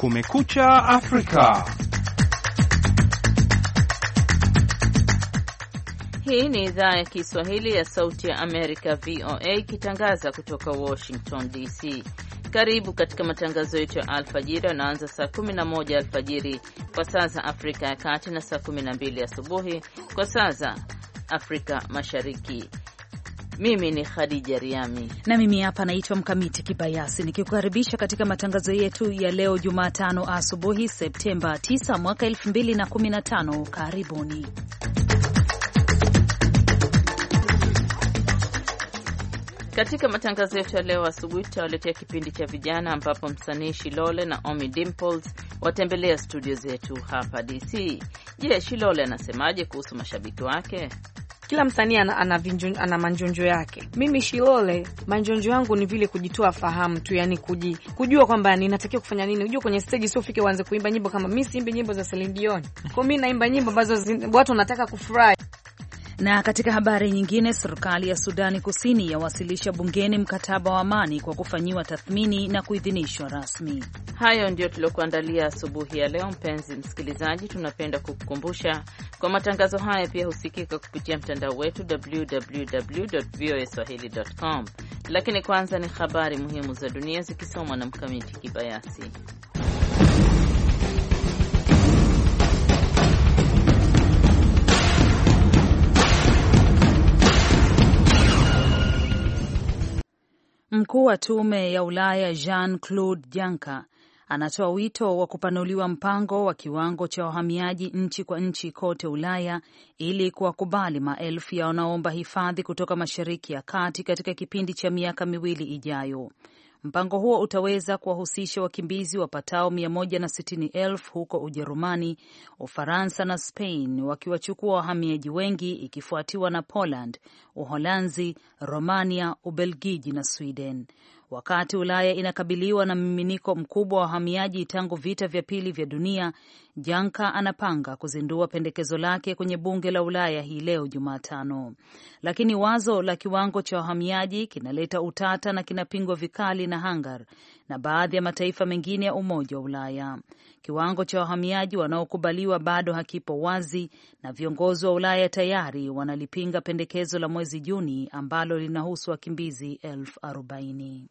Kumekucha Afrika. Hii ni idhaa ya Kiswahili ya Sauti ya Amerika, VOA, ikitangaza kutoka Washington DC. Karibu katika matangazo yetu ya alfajiri yanaanza saa 11 alfajiri kwa saa za Afrika ya Kati na saa 12 asubuhi kwa saa za Afrika Mashariki. Mimi ni Khadija Riami na mimi hapa naitwa Mkamiti Kibayasi nikikukaribisha katika matangazo yetu ya leo Jumatano asubuhi Septemba 9 mwaka 2015. Karibuni. Katika matangazo yetu ya leo asubuhi tutawaletea kipindi cha vijana, ambapo msanii Shilole na Omi Dimples watembelea studio zetu hapa DC. Je, Shilole anasemaje kuhusu mashabiki wake? Kila msanii ana, ana, ana manjonjo yake. Mimi Shilole, manjonjo yangu ni vile kujitoa fahamu tu, yani kuji, kujua kwamba ninatakiwa kufanya nini. Unajua kwenye stage sio ufike uanze kuimba nyimbo kama mimi, siimbi nyimbo za Celine Dion. Kwa mimi naimba nyimbo ambazo watu wanataka kufurahi. Na katika habari nyingine, serikali ya Sudani Kusini yawasilisha bungeni mkataba wa amani kwa kufanyiwa tathmini na kuidhinishwa rasmi. Hayo ndiyo tuliokuandalia asubuhi ya leo. Mpenzi msikilizaji, tunapenda kukukumbusha kwa matangazo haya pia husikika kupitia mtandao wetu www.voaswahili.com. Lakini kwanza ni habari muhimu za dunia zikisomwa na Mkamiti Kibayasi. Mkuu wa tume ya Ulaya Jean Claude Juncker anatoa wito wa kupanuliwa mpango wa kiwango cha wahamiaji nchi kwa nchi kote Ulaya ili kuwakubali maelfu ya wanaomba hifadhi kutoka Mashariki ya Kati katika kipindi cha miaka miwili ijayo. Mpango huo utaweza kuwahusisha wakimbizi wapatao 160,000 huko Ujerumani, Ufaransa na Spain, wakiwachukua wahamiaji wengi, ikifuatiwa na Poland, Uholanzi, Romania, Ubelgiji na Sweden. Wakati Ulaya inakabiliwa na mmiminiko mkubwa wa wahamiaji tangu vita vya pili vya dunia, Janka anapanga kuzindua pendekezo lake kwenye bunge la Ulaya hii leo Jumatano, lakini wazo la kiwango cha wahamiaji kinaleta utata na kinapingwa vikali na Hungary na baadhi ya mataifa mengine ya Umoja wa Ulaya. Kiwango cha wahamiaji wanaokubaliwa bado hakipo wazi na viongozi wa Ulaya tayari wanalipinga pendekezo la mwezi Juni ambalo linahusu wakimbizi elfu arobaini.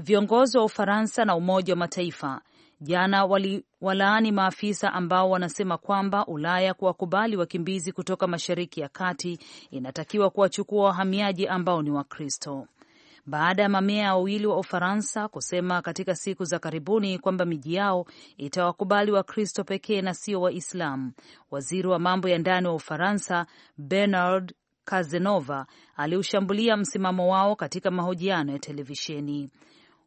Viongozi wa Ufaransa na Umoja wa Mataifa jana waliwalaani maafisa ambao wanasema kwamba Ulaya kuwakubali wakimbizi kutoka Mashariki ya Kati inatakiwa kuwachukua wahamiaji ambao ni Wakristo baada ya mamea wawili wa Ufaransa kusema katika siku za karibuni kwamba miji yao itawakubali Wakristo pekee na sio Waislamu. Waziri wa mambo ya ndani wa Ufaransa Bernard kazenova aliushambulia msimamo wao katika mahojiano ya televisheni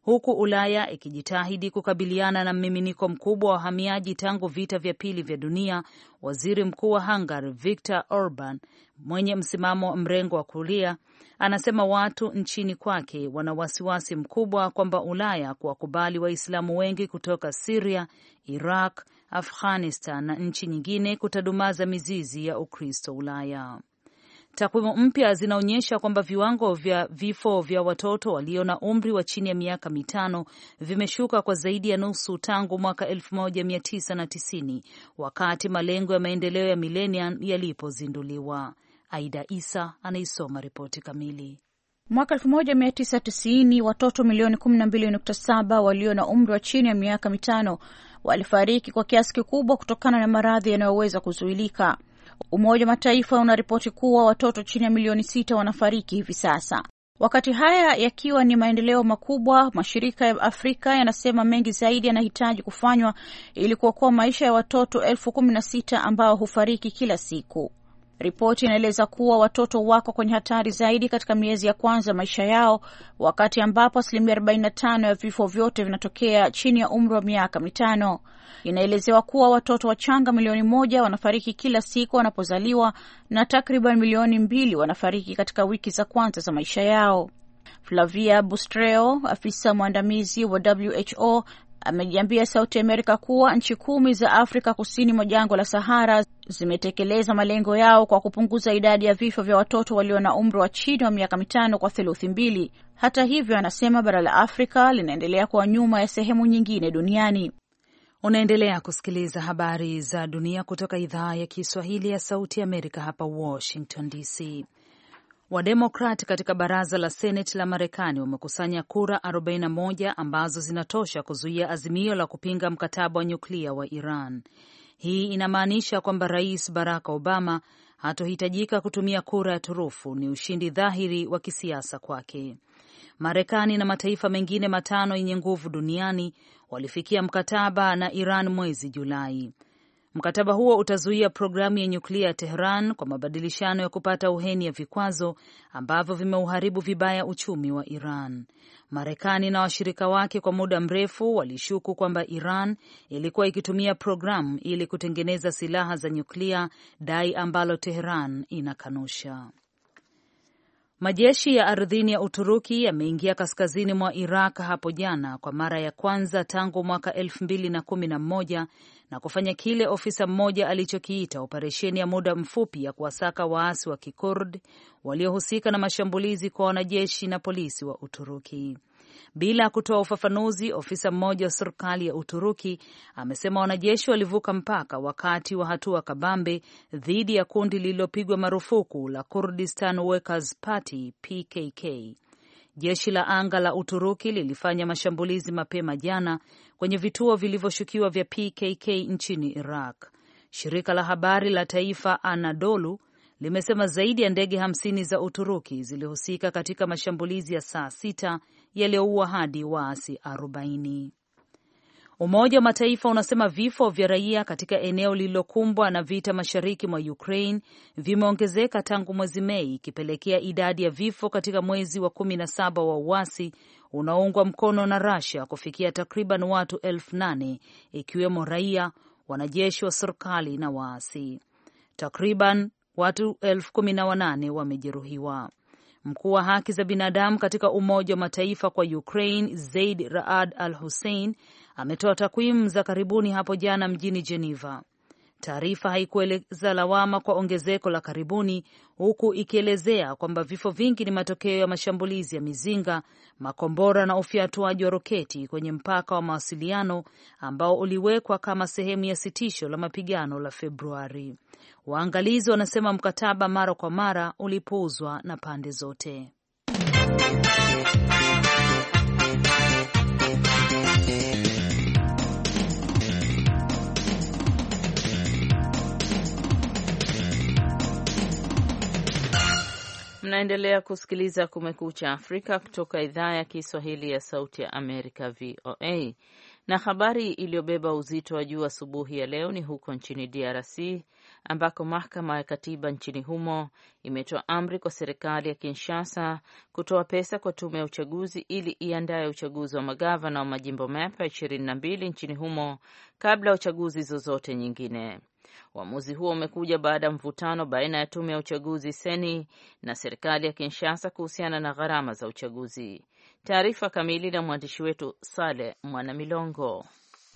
huku Ulaya ikijitahidi kukabiliana na mmiminiko mkubwa wa wahamiaji tangu vita vya pili vya dunia. Waziri mkuu wa Hungary Viktor Orban mwenye msimamo wa mrengo wa kulia anasema watu nchini kwake wana wasiwasi mkubwa kwamba Ulaya kuwakubali Waislamu wengi kutoka Siria, Iraq, Afghanistan na nchi nyingine kutadumaza mizizi ya Ukristo Ulaya. Takwimu mpya zinaonyesha kwamba viwango vya vifo vya watoto walio na umri wa chini ya miaka mitano vimeshuka kwa zaidi ya nusu tangu mwaka 1990 wakati malengo ya maendeleo ya milenia yalipozinduliwa. Aida Isa anaisoma ripoti kamili. Mwaka 1990 watoto milioni 12.7 walio na umri wa chini ya miaka mitano walifariki kwa kiasi kikubwa kutokana na maradhi yanayoweza kuzuilika. Umoja wa Mataifa unaripoti kuwa watoto chini ya milioni sita wanafariki hivi sasa. Wakati haya yakiwa ni maendeleo makubwa, mashirika ya Afrika yanasema mengi zaidi yanahitaji kufanywa ili kuokoa maisha ya watoto elfu kumi na sita ambao hufariki kila siku. Ripoti inaeleza kuwa watoto wako kwenye hatari zaidi katika miezi ya kwanza ya maisha yao, wakati ambapo asilimia 45 ya vifo vyote vinatokea chini ya umri wa miaka mitano. Inaelezewa kuwa watoto wachanga milioni moja wanafariki kila siku wanapozaliwa na takriban milioni mbili wanafariki katika wiki za kwanza za maisha yao. Flavia Bustreo, afisa mwandamizi wa WHO amejiambia Sauti Amerika kuwa nchi kumi za Afrika kusini mwa jangwa la Sahara zimetekeleza malengo yao kwa kupunguza idadi ya vifo vya watoto walio na umri wa chini wa miaka mitano kwa theluthi mbili. Hata hivyo, anasema bara la Afrika linaendelea kuwa nyuma ya sehemu nyingine duniani. Unaendelea kusikiliza habari za dunia kutoka idhaa ya Kiswahili ya Sauti Amerika hapa Washington DC. Wademokrat katika baraza la Seneti la Marekani wamekusanya kura 41 ambazo zinatosha kuzuia azimio la kupinga mkataba wa nyuklia wa Iran. Hii inamaanisha kwamba Rais Barack Obama hatohitajika kutumia kura ya turufu. Ni ushindi dhahiri wa kisiasa kwake. Marekani na mataifa mengine matano yenye nguvu duniani walifikia mkataba na Iran mwezi Julai. Mkataba huo utazuia programu ya nyuklia ya Tehran kwa mabadilishano ya kupata uheni ya vikwazo ambavyo vimeuharibu vibaya uchumi wa Iran. Marekani na washirika wake kwa muda mrefu walishuku kwamba Iran ilikuwa ikitumia programu ili kutengeneza silaha za nyuklia, dai ambalo Tehran inakanusha. Majeshi ya ardhini ya Uturuki yameingia kaskazini mwa Iraq hapo jana kwa mara ya kwanza tangu mwaka elfu mbili na kumi na moja na kufanya kile ofisa mmoja alichokiita operesheni ya muda mfupi ya kuwasaka waasi wa Kikurd waliohusika na mashambulizi kwa wanajeshi na polisi wa Uturuki. Bila kutoa ufafanuzi, ofisa mmoja wa serikali ya Uturuki amesema wanajeshi walivuka mpaka wakati wa hatua kabambe dhidi ya kundi lililopigwa marufuku la Kurdistan Workers Party PKK. Jeshi la anga la Uturuki lilifanya mashambulizi mapema jana kwenye vituo vilivyoshukiwa vya PKK nchini Iraq. Shirika la habari la taifa Anadolu limesema zaidi ya ndege hamsini za Uturuki zilihusika katika mashambulizi ya saa sita yaliyoua hadi waasi arobaini. Umoja wa Mataifa unasema vifo vya raia katika eneo lililokumbwa na vita mashariki mwa Ukraine vimeongezeka tangu mwezi Mei, ikipelekea idadi ya vifo katika mwezi wa kumi na saba wa uasi unaoungwa mkono na Russia kufikia takriban watu elfu nane ikiwemo raia, wanajeshi wa serikali na waasi. Takriban watu elfu kumi na wanane wamejeruhiwa. Mkuu wa haki za binadamu katika Umoja wa Mataifa kwa Ukraine Zaid Raad Al Hussein ametoa takwimu za karibuni hapo jana mjini Geneva. Taarifa haikueleza lawama kwa ongezeko la karibuni, huku ikielezea kwamba vifo vingi ni matokeo ya mashambulizi ya mizinga, makombora na ufyatuaji wa roketi kwenye mpaka wa mawasiliano ambao uliwekwa kama sehemu ya sitisho la mapigano la Februari. Waangalizi wanasema mkataba mara kwa mara ulipuuzwa na pande zote. Mnaendelea kusikiliza Kumekucha Afrika kutoka idhaa ya Kiswahili ya Sauti ya Amerika, VOA. Na habari iliyobeba uzito wa juu asubuhi ya leo ni huko nchini DRC ambako mahakama ya katiba nchini humo imetoa amri kwa serikali ya Kinshasa kutoa pesa kwa tume ya uchaguzi ili iandaye uchaguzi wa magavana wa majimbo mapya ishirini na mbili nchini humo kabla ya uchaguzi zozote nyingine. Uamuzi huo umekuja baada ya mvutano baina ya tume ya uchaguzi seni na serikali ya Kinshasa kuhusiana na gharama za uchaguzi. Taarifa kamili na mwandishi wetu Sale Mwanamilongo.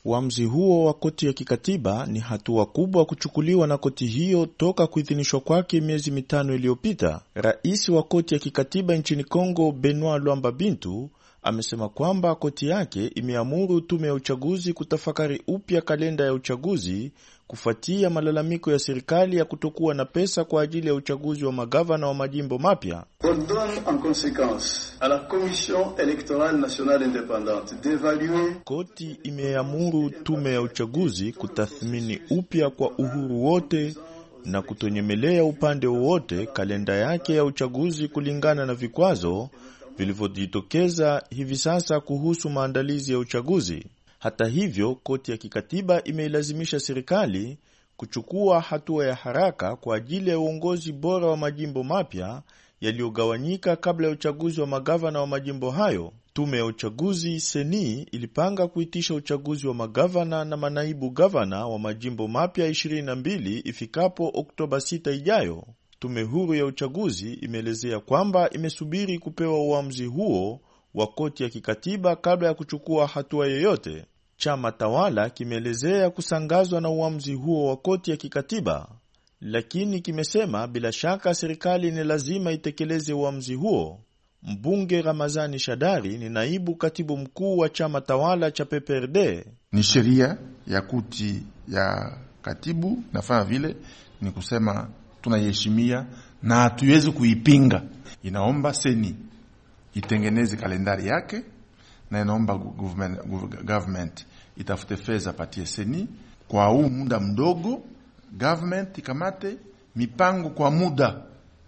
Uamuzi huo wa koti ya kikatiba ni hatua kubwa kuchukuliwa na koti hiyo toka kuidhinishwa kwake miezi mitano iliyopita. Rais wa koti ya kikatiba nchini Kongo, Benoit Lwamba Bintu, amesema kwamba koti yake imeamuru tume ya uchaguzi kutafakari upya kalenda ya uchaguzi kufuatia malalamiko ya serikali ya kutokuwa na pesa kwa ajili ya uchaguzi wa magavana wa majimbo mapya. Koti imeamuru tume ya uchaguzi kutathmini upya kwa uhuru wote na kutonyemelea upande wowote kalenda yake ya uchaguzi kulingana na vikwazo vilivyojitokeza hivi sasa kuhusu maandalizi ya uchaguzi. Hata hivyo, koti ya kikatiba imeilazimisha serikali kuchukua hatua ya haraka kwa ajili ya uongozi bora wa majimbo mapya yaliyogawanyika kabla ya uchaguzi wa magavana wa majimbo hayo. Tume ya uchaguzi seni ilipanga kuitisha uchaguzi wa magavana na manaibu gavana wa majimbo mapya 22 ifikapo Oktoba 6 ijayo. Tume huru ya uchaguzi imeelezea kwamba imesubiri kupewa uamuzi huo wa koti ya kikatiba kabla ya kuchukua hatua yoyote. Chama tawala kimeelezea kusangazwa na uamuzi huo wa koti ya kikatiba, lakini kimesema bila shaka serikali ni lazima itekeleze uamuzi huo. Mbunge Ramazani Shadari ni naibu katibu mkuu wa chama tawala cha PPRD. Ni sheria ya kuti ya katibu nafanya vile, ni kusema tunaiheshimia na hatuwezi kuipinga. Inaomba seni itengeneze kalendari yake na inaomba government, government itafute fedha patie seni kwa huu muda mdogo. Government ikamate mipango kwa muda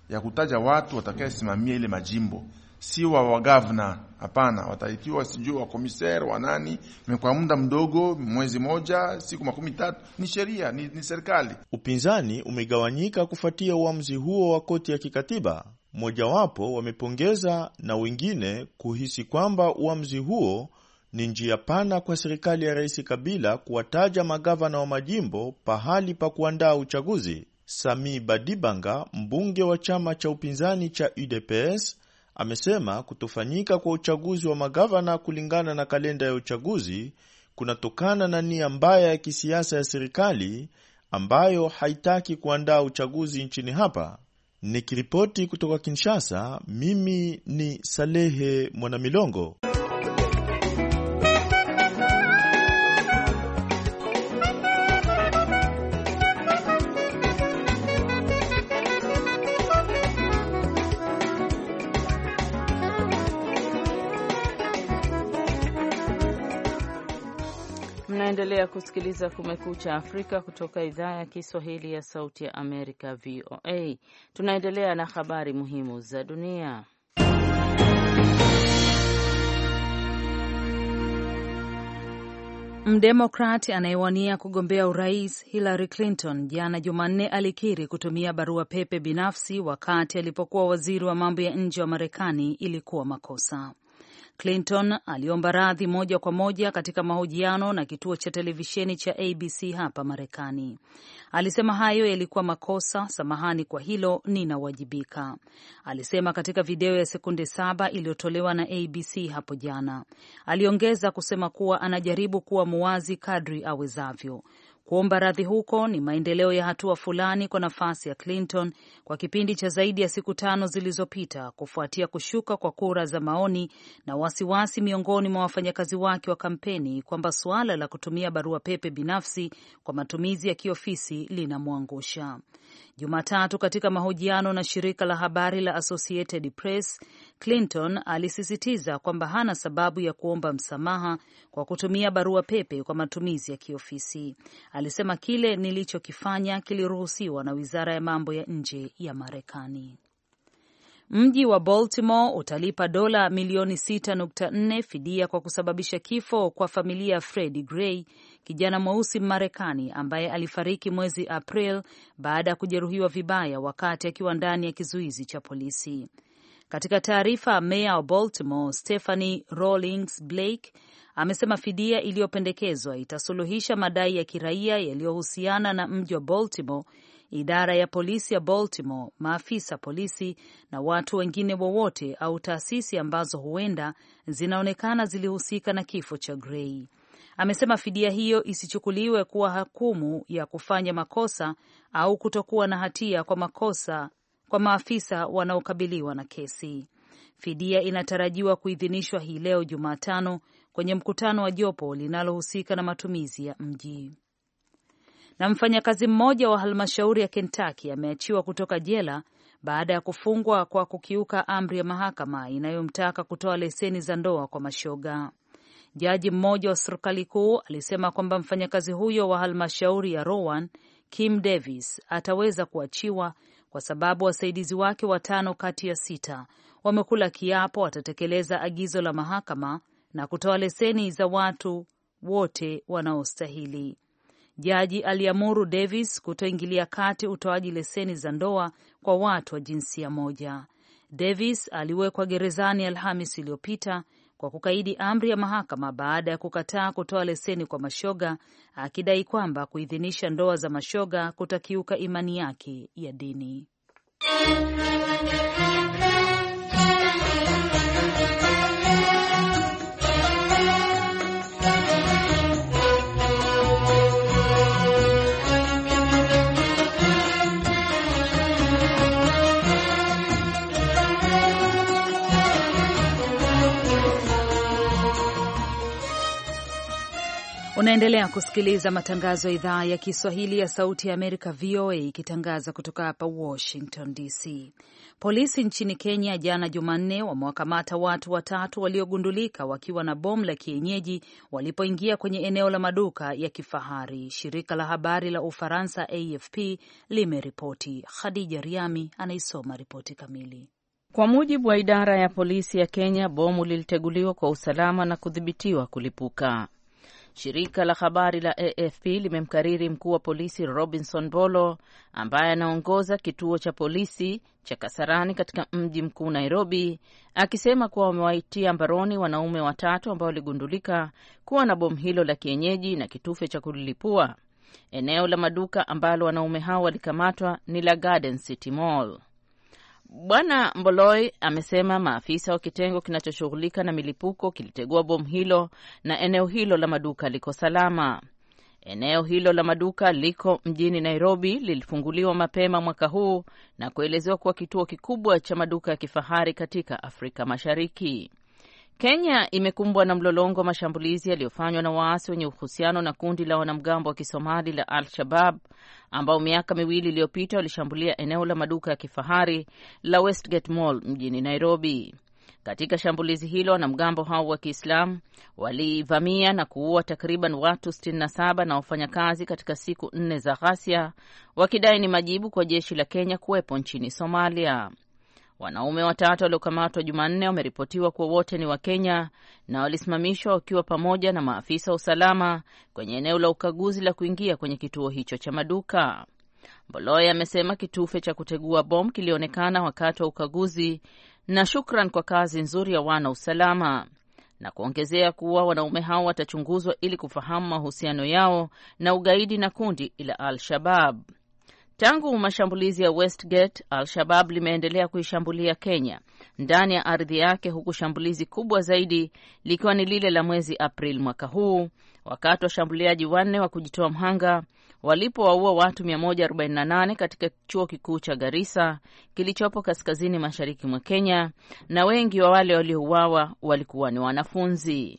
ya kutaja watu watakayesimamia ile majimbo, si wa wagavna, hapana, wataitiwa sijui wa komisere wa nani, kwa muda mdogo, mwezi moja, siku makumi tatu. Ni sheria, ni, ni serikali. Upinzani umegawanyika kufuatia uamuzi huo wa koti ya kikatiba mojawapo wamepongeza na wengine kuhisi kwamba uamuzi huo ni njia pana kwa serikali ya Rais Kabila kuwataja magavana wa majimbo pahali pa kuandaa uchaguzi. Sami Badibanga, mbunge wa chama cha upinzani cha UDPS, amesema kutofanyika kwa uchaguzi wa magavana kulingana na kalenda ya uchaguzi kunatokana na nia mbaya ya kisiasa ya serikali ambayo haitaki kuandaa uchaguzi nchini hapa. Nikiripoti kutoka Kinshasa, mimi ni Salehe Mwanamilongo. Unaendelea kusikiliza Kumekucha Afrika kutoka idhaa ya Kiswahili ya Sauti ya Amerika, VOA. Tunaendelea na habari muhimu za dunia. Mdemokrat anayewania kugombea urais Hillary Clinton jana Jumanne alikiri kutumia barua pepe binafsi wakati alipokuwa waziri wa mambo ya nje wa Marekani ilikuwa makosa. Clinton aliomba radhi moja kwa moja katika mahojiano na kituo cha televisheni cha ABC hapa Marekani. Alisema hayo yalikuwa makosa, samahani kwa hilo, ninawajibika, alisema katika video ya sekunde saba iliyotolewa na ABC hapo jana. Aliongeza kusema kuwa anajaribu kuwa muwazi kadri awezavyo. Kuomba radhi huko ni maendeleo ya hatua fulani kwa nafasi ya Clinton kwa kipindi cha zaidi ya siku tano zilizopita kufuatia kushuka kwa kura za maoni na wasiwasi miongoni mwa wafanyakazi wake wa kampeni kwamba suala la kutumia barua pepe binafsi kwa matumizi ya kiofisi linamwangusha. Jumatatu katika mahojiano na shirika la habari la Associated Press, Clinton alisisitiza kwamba hana sababu ya kuomba msamaha kwa kutumia barua pepe kwa matumizi ya kiofisi. Alisema kile nilichokifanya kiliruhusiwa na Wizara ya Mambo ya Nje ya Marekani. Mji wa Baltimore utalipa dola milioni 6.4 fidia kwa kusababisha kifo kwa familia ya Freddie Gray kijana mweusi Mmarekani ambaye alifariki mwezi April baada ya kujeruhiwa vibaya wakati akiwa ndani ya kizuizi cha polisi. Katika taarifa, meya wa Baltimore Stephanie Rawlings Blake amesema fidia iliyopendekezwa itasuluhisha madai ya kiraia yaliyohusiana na mji wa Baltimore, idara ya polisi ya Baltimore, maafisa polisi na watu wengine wowote au taasisi ambazo huenda zinaonekana zilihusika na kifo cha Gray. Amesema fidia hiyo isichukuliwe kuwa hukumu ya kufanya makosa au kutokuwa na hatia kwa makosa kwa maafisa wanaokabiliwa na kesi. Fidia inatarajiwa kuidhinishwa hii leo Jumatano kwenye mkutano wa jopo linalohusika na matumizi ya mji. Na mfanyakazi mmoja wa halmashauri ya Kentaki ameachiwa kutoka jela baada ya kufungwa kwa kukiuka amri ya mahakama inayomtaka kutoa leseni za ndoa kwa mashoga. Jaji mmoja wa serikali kuu alisema kwamba mfanyakazi huyo wa halmashauri ya Rowan, Kim Davis, ataweza kuachiwa kwa sababu wasaidizi wake watano kati ya sita wamekula kiapo watatekeleza agizo la mahakama na kutoa leseni za watu wote wanaostahili. Jaji aliamuru Davis kutoingilia kati utoaji leseni za ndoa kwa watu wa jinsia moja. Davis aliwekwa gerezani Alhamis iliyopita kwa kukaidi amri ya mahakama baada ya kukataa kutoa leseni kwa mashoga, akidai kwamba kuidhinisha ndoa za mashoga kutakiuka imani yake ya dini. Unaendelea kusikiliza matangazo ya idhaa ya Kiswahili ya Sauti ya Amerika, VOA, ikitangaza kutoka hapa Washington DC. Polisi nchini Kenya jana Jumanne wamewakamata watu watatu waliogundulika wakiwa na bomu la kienyeji walipoingia kwenye eneo la maduka ya kifahari, shirika la habari la Ufaransa AFP limeripoti. Khadija Riami anaisoma ripoti kamili. Kwa mujibu wa idara ya polisi ya Kenya, bomu liliteguliwa kwa usalama na kudhibitiwa kulipuka. Shirika la habari la AFP limemkariri mkuu wa polisi Robinson Bolo ambaye anaongoza kituo cha polisi cha Kasarani katika mji mkuu Nairobi, akisema kuwa wamewaitia mbaroni wanaume watatu ambao waligundulika kuwa na bomu hilo la kienyeji na kitufe cha kulilipua. Eneo la maduka ambalo wanaume hao walikamatwa ni la Garden City Mall. Bwana Mboloi amesema maafisa wa kitengo kinachoshughulika na milipuko kilitegua bomu hilo na eneo hilo la maduka liko salama. Eneo hilo la maduka liko mjini Nairobi, lilifunguliwa mapema mwaka huu na kuelezewa kuwa kituo kikubwa cha maduka ya kifahari katika Afrika Mashariki. Kenya imekumbwa na mlolongo wa mashambulizi yaliyofanywa na waasi wenye uhusiano na kundi la wanamgambo wa Kisomali la Al-Shabab ambao miaka miwili iliyopita walishambulia eneo la maduka ya kifahari la Westgate Mall mjini Nairobi. Katika shambulizi hilo wanamgambo hao wa Kiislamu walivamia na kuua takriban watu 67 na wafanyakazi katika siku nne za ghasia, wakidai ni majibu kwa jeshi la Kenya kuwepo nchini Somalia. Wanaume watatu waliokamatwa Jumanne wameripotiwa kuwa wote ni Wakenya na walisimamishwa wakiwa pamoja na maafisa wa usalama kwenye eneo la ukaguzi la kuingia kwenye kituo hicho cha maduka. boloy amesema kitufe cha kutegua bomu kilionekana wakati wa ukaguzi na shukran kwa kazi nzuri ya wana usalama, na kuongezea kuwa wanaume hao watachunguzwa ili kufahamu mahusiano yao na ugaidi na kundi la Al-Shabab. Tangu mashambulizi ya Westgate, Al-Shabab limeendelea kuishambulia Kenya ndani ya ardhi yake, huku shambulizi kubwa zaidi likiwa ni lile la mwezi Aprili mwaka huu, wakati washambuliaji wanne wa kujitoa mhanga walipowaua watu 148 katika chuo kikuu cha Garissa kilichopo kaskazini mashariki mwa Kenya, na wengi wa wale waliouawa walikuwa ni wanafunzi.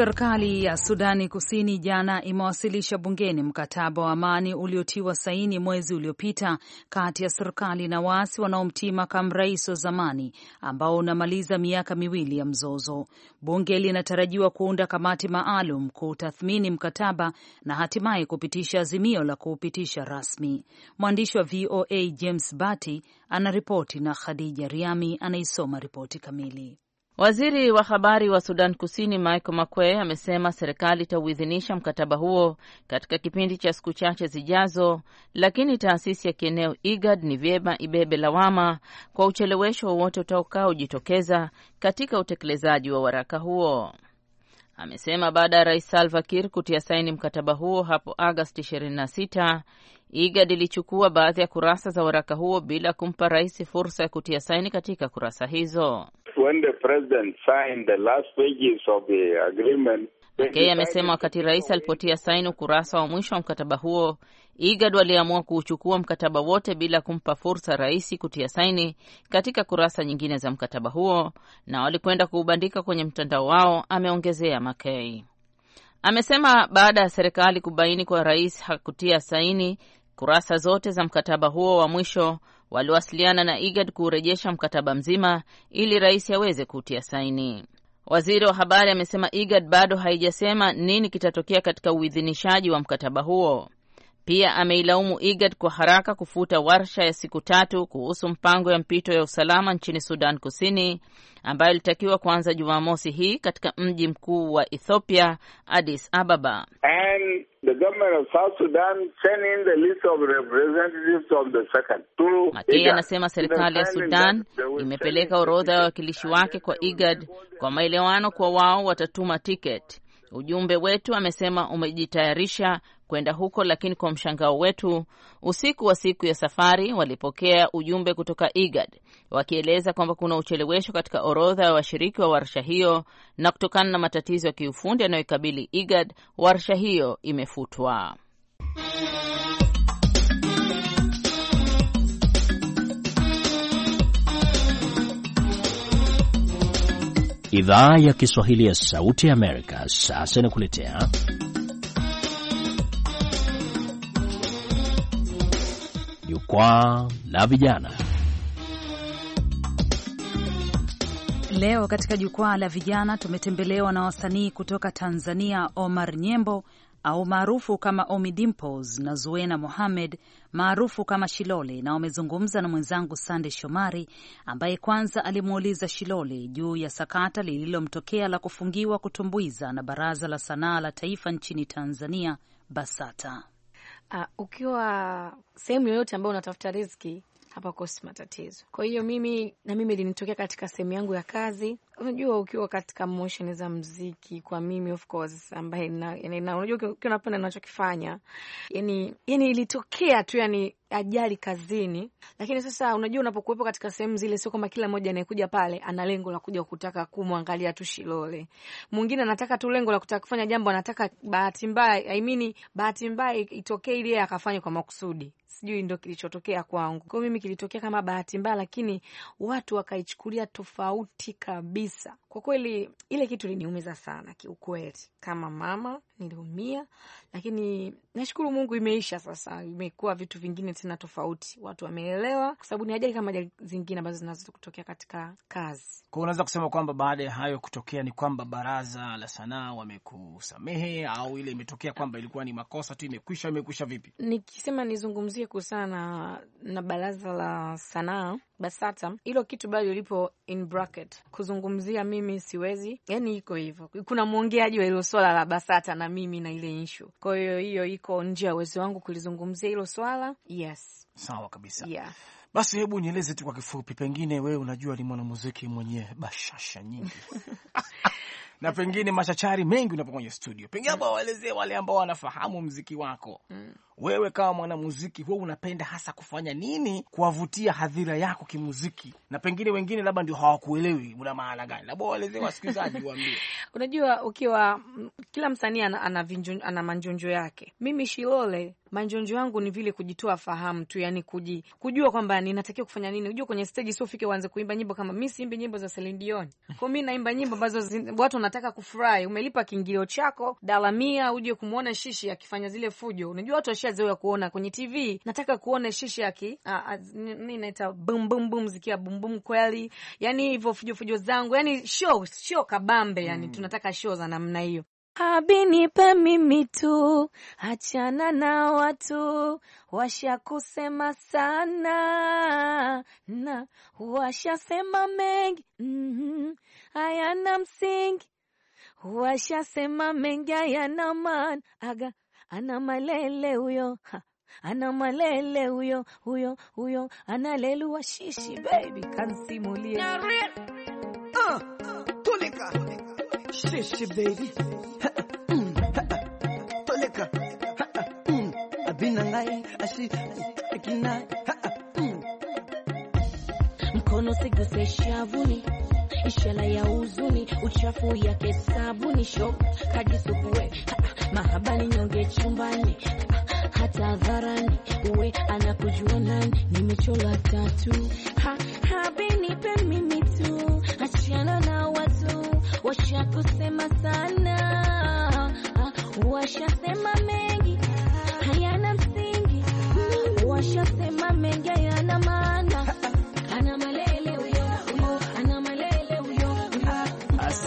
Serikali ya Sudani Kusini jana imewasilisha bungeni mkataba wa amani uliotiwa saini mwezi uliopita kati ya serikali na waasi wanaomtii makamu rais wa zamani ambao unamaliza miaka miwili ya mzozo. Bunge linatarajiwa kuunda kamati maalum kutathmini mkataba na hatimaye kupitisha azimio la kuupitisha rasmi. Mwandishi wa VOA James Bati anaripoti na Khadija Riami anaisoma ripoti kamili. Waziri wa habari wa Sudan Kusini Michael Makwei amesema serikali itauidhinisha mkataba huo katika kipindi cha siku chache zijazo, lakini taasisi ya kieneo IGAD ni vyema ibebe lawama kwa uchelewesho wowote utakaojitokeza katika utekelezaji wa waraka huo. Amesema baada ya rais Salva Kiir kutia saini mkataba huo hapo Agasti 26, IGAD ilichukua baadhi ya kurasa za waraka huo bila kumpa rais fursa ya kutia saini katika kurasa hizo. When the president signed the last pages of the agreement, Okay, amesema wakati rais alipotia saini ukurasa wa mwisho wa mkataba huo, IGAD waliamua kuuchukua mkataba wote bila kumpa fursa rais kutia saini katika kurasa nyingine za mkataba huo, na walikwenda kuubandika kwenye mtandao wao, ameongezea Makei. Amesema baada ya serikali kubaini kwa rais hakutia saini kurasa zote za mkataba huo wa mwisho, waliwasiliana na IGAD kuurejesha mkataba mzima ili rais aweze kutia saini. Waziri wa habari amesema IGAD bado haijasema nini kitatokea katika uidhinishaji wa mkataba huo. Pia ameilaumu IGAD kwa haraka kufuta warsha ya siku tatu kuhusu mpango ya mpito ya usalama nchini Sudan Kusini ambayo ilitakiwa kuanza Jumamosi hii katika mji mkuu wa Ethiopia, Addis Ababa. makei Matei anasema serikali ya Sudan imepeleka orodha ya wawakilishi wake kwa IGAD kwa maelewano kwa wao watatuma tiketi. Ujumbe wetu amesema umejitayarisha kwenda huko, lakini kwa mshangao wetu, usiku wa siku ya safari walipokea ujumbe kutoka IGAD wakieleza kwamba kuna uchelewesho katika orodha ya washiriki wa warsha hiyo, na kutokana na matatizo ya kiufundi yanayoikabili IGAD warsha hiyo imefutwa. Idhaa ya Kiswahili ya Sauti ya Amerika sasa inakuletea jukwaa la vijana. Leo katika jukwaa la vijana tumetembelewa na wasanii kutoka Tanzania, Omar Nyembo au maarufu kama Omi Dimples na Zuena Mohamed maarufu kama Shilole, na wamezungumza na mwenzangu Sande Shomari ambaye kwanza alimuuliza Shilole juu ya sakata lililomtokea la kufungiwa kutumbuiza na Baraza la Sanaa la Taifa nchini Tanzania, BASATA. Uh, ukiwa sehemu yoyote ambayo unatafuta riziki hapa kosi matatizo. Kwa hiyo mimi na mimi ilinitokea katika sehemu yangu ya kazi, unajua ukiwa katika motion za mziki, kwa mimi of course, ambaye na unajua ukiwa napenda ninachokifanya, yani yani ilitokea tu yani ajali kazini, lakini sasa unajua unapokuwepo katika sehemu zile, sio kama kila mmoja anayekuja pale ana lengo la kuja kutaka kumwangalia tu Shilole. Mwingine anataka tu lengo la kutaka kufanya jambo, anataka bahati mbaya, I mean bahati mbaya itokee ili yeye akafanye kwa makusudi. Sijui ndo kilichotokea kwangu, kwa mimi kilitokea kama bahati mbaya, lakini watu wakaichukulia tofauti kabisa. ça. Kwa kweli ile kitu iliniumiza sana kiukweli, kama mama niliumia, lakini nashukuru Mungu imeisha. Sasa imekuwa vitu vingine tena tofauti, watu wameelewa, kwa sababu ni ajali kama ajali zingine ambazo zinaweza kutokea katika kazi. Kwa unaweza kusema kwamba baada ya hayo kutokea ni kwamba baraza la sanaa wamekusamehe au ile imetokea kwamba ilikuwa ni makosa tu, imekwisha? Imekwisha vipi? Nikisema nizungumzie kuhusiana na baraza la sanaa BASATA, hilo kitu bado lipo in bracket kuzungumzia mimi mimi siwezi, yani iko hivyo. Kuna mwongeaji wa hilo swala la BASATA na mimi na ile inshu, kwa hiyo hiyo iko nje ya uwezo wangu kulizungumzia hilo swala. Yes, sawa kabisa yeah. Basi hebu nieleze tu kwa kifupi, pengine wewe unajua ni mwanamuziki mwenye bashasha nyingi na pengine machachari mengi unapo kwenye studio, pengine ambao waelezee wale ambao wanafahamu mziki wako mm wewe kama mwanamuziki huwa unapenda hasa kufanya nini kuwavutia hadhira yako kimuziki, na pengine wengine labda ndio hawakuelewi una maana gani, labda waelezee wasikilizaji, waambie. Unajua, ukiwa mm, kila msanii ana, ana, ana manjonjo yake. Mimi Shilole manjonjo yangu ni vile kujitoa fahamu tu, yani kuji, kujua kwamba ninatakiwa kufanya nini. Unajua kwenye stage sio ufike uanze kuimba nyimbo kama mi siimbi nyimbo za Celine Dion. Kwa mimi naimba nyimbo ambazo watu wanataka kufurahi. Umelipa kiingilio chako dala mia, uje kumwona Shishi akifanya zile fujo, unajua watu washia ya kuona kwenye TV. Nataka kuona shishi yake nini, ah, ah, naita bum bum bum, bum bum kweli, yani hivyo fujo fujo zangu, yani show show kabambe, yani mm. tunataka show za namna hiyo. Habinipe mimi tu, achana na watu washakusema sana na washasema mengi mm -hmm. msingi washasema mengi hayana maana aga ana malele huyo ha. Ana malele huyo huyo huyo analelua shishi baby, kansimulie ah, ah. shishi baby mm, toleka mm, ashi kina mm. Mkono siguse shavuni ishara ya huzuni, uchafu yake sabuni, shop kajisukue mahabani nyonge chumbani hata dharani uwe anakujua nani? Nimechola tatu ha, nipe mimi tu, achana na watu washakusema sana, washasema me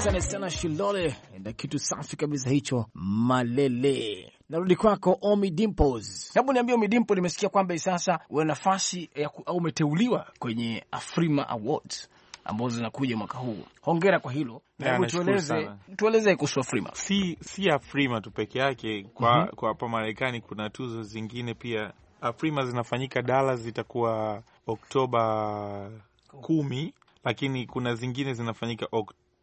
Asante sana Shilole na kitu safi kabisa hicho malele. Narudi kwako Omi Dimples. Hebu niambie Omi Dimple, nimesikia kwamba sasa una nafasi au umeteuliwa kwenye Afrima Awards ambazo zinakuja mwaka huu. Hongera kwa hilo. Hebu tueleze, tueleze kuhusu Afrima. Si, si Afrima tu peke yake kwa, mm -hmm. kwa hapa Marekani kuna tuzo zingine pia. Afrima zinafanyika Dallas, zitakuwa Oktoba kumi, lakini kuna zingine zinafanyika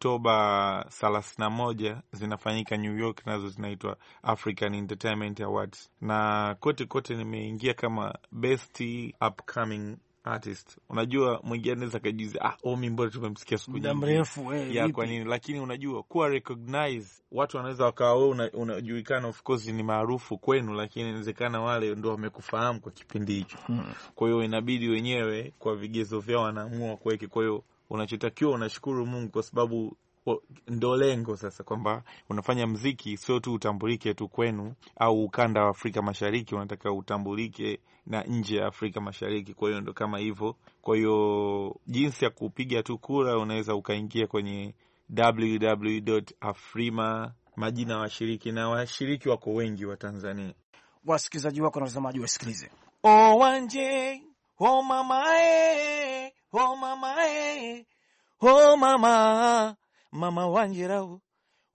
Oktoba 31 zinafanyika New York, nazo zinaitwa African Entertainment Awards, na kote kote nimeingia kama best upcoming artist. Unajua, mwingine anaweza akajiuliza ah, Ommy oh, mbona tumemsikia siku nyingi mrefu eh, ya kwa nini? Lakini unajua kuwa recognize watu wanaweza wakawa wewe oh, unajulikana, of course ni maarufu kwenu, lakini inawezekana wale ndio wamekufahamu kwa kipindi hicho. Hmm. Kwa hiyo inabidi wenyewe kwa vigezo vyao wanaamua kuweke. Kwa hiyo unachotakiwa unashukuru Mungu kwa sababu ndo lengo sasa, kwamba unafanya mziki sio tu utambulike tu kwenu au ukanda wa Afrika Mashariki, unataka utambulike na nje ya Afrika Mashariki. Kwa hiyo ndo kama hivyo. Kwa hiyo jinsi ya kupiga tu kura, unaweza ukaingia kwenye www.afrima majina washiriki, na washiriki wako wengi wa Tanzania. Wasikilizaji wako na watazamaji wasikilize. Owanje, oh, mamae oh mama eh, oh mama mama wanjirao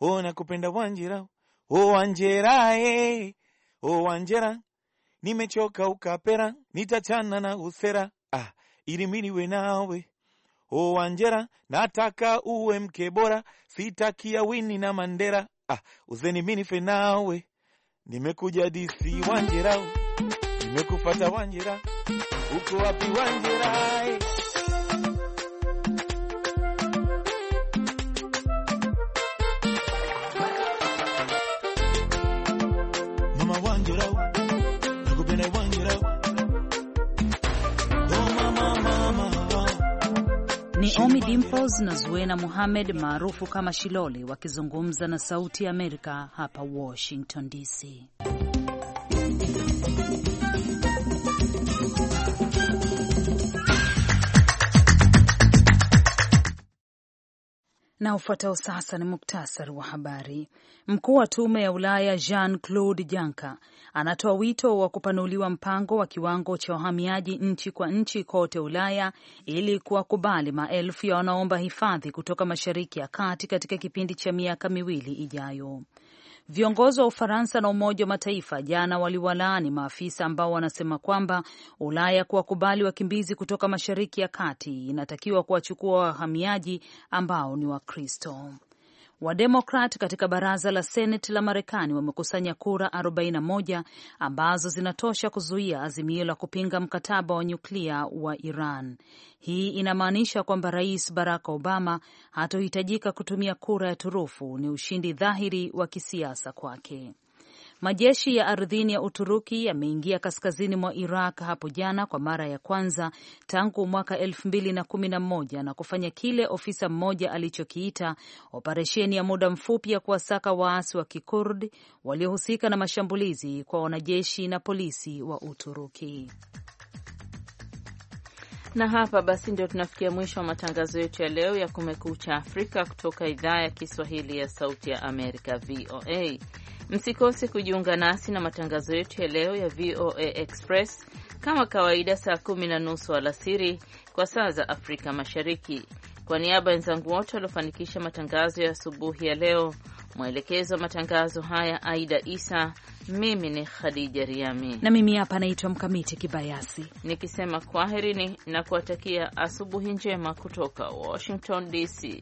oh nakupenda wanjirao oh wanjera eh, oh wanjera nimechoka ukapera nitachana na usera ah, ili miniwe nawe oh, wanjera nataka uwe mke bora sitakia wini na mandera ah, uzeni minife nawe nimekuja disi wanjera nimekupata wanjera uko wapi eh. Dimples na Zuena maarufu kama Shilole wakizungumza na Sauti ya Amerika hapa Washington DC. Na ufuatao sasa ni muktasari wa habari. Mkuu wa tume ya Ulaya Jean Claude Juncker anatoa wito wa kupanuliwa mpango wa kiwango cha wahamiaji nchi kwa nchi kote Ulaya ili kuwakubali maelfu ya wanaomba hifadhi kutoka Mashariki ya Kati katika kipindi cha miaka miwili ijayo. Viongozi wa Ufaransa na Umoja wa Mataifa jana waliwalaani maafisa ambao wanasema kwamba Ulaya kuwakubali wakimbizi kutoka Mashariki ya Kati, inatakiwa kuwachukua wahamiaji ambao ni Wakristo. Wademokrat katika baraza la Seneti la Marekani wamekusanya kura 41 ambazo zinatosha kuzuia azimio la kupinga mkataba wa nyuklia wa Iran. Hii inamaanisha kwamba Rais Barack Obama hatohitajika kutumia kura ya turufu. Ni ushindi dhahiri wa kisiasa kwake. Majeshi ya ardhini ya Uturuki yameingia kaskazini mwa Iraq hapo jana kwa mara ya kwanza tangu mwaka elfu mbili na kumi na moja na kufanya kile ofisa mmoja alichokiita operesheni ya muda mfupi ya kuwasaka waasi wa Kikurdi waliohusika na mashambulizi kwa wanajeshi na polisi wa Uturuki. Na hapa basi ndio tunafikia mwisho wa matangazo yetu ya leo ya Kumekucha Afrika kutoka idhaa ya Kiswahili ya Sauti ya Amerika, VOA. Msikose kujiunga nasi na matangazo yetu ya leo ya VOA Express kama kawaida, saa kumi na nusu alasiri kwa saa za Afrika Mashariki. Kwa niaba ya wenzangu wote waliofanikisha matangazo ya asubuhi ya leo, mwelekezo wa matangazo haya Aida Isa, mimi ni Khadija Riami na mimi hapa naitwa Mkamiti Kibayasi nikisema kwaherini na kuwatakia asubuhi njema kutoka Washington DC.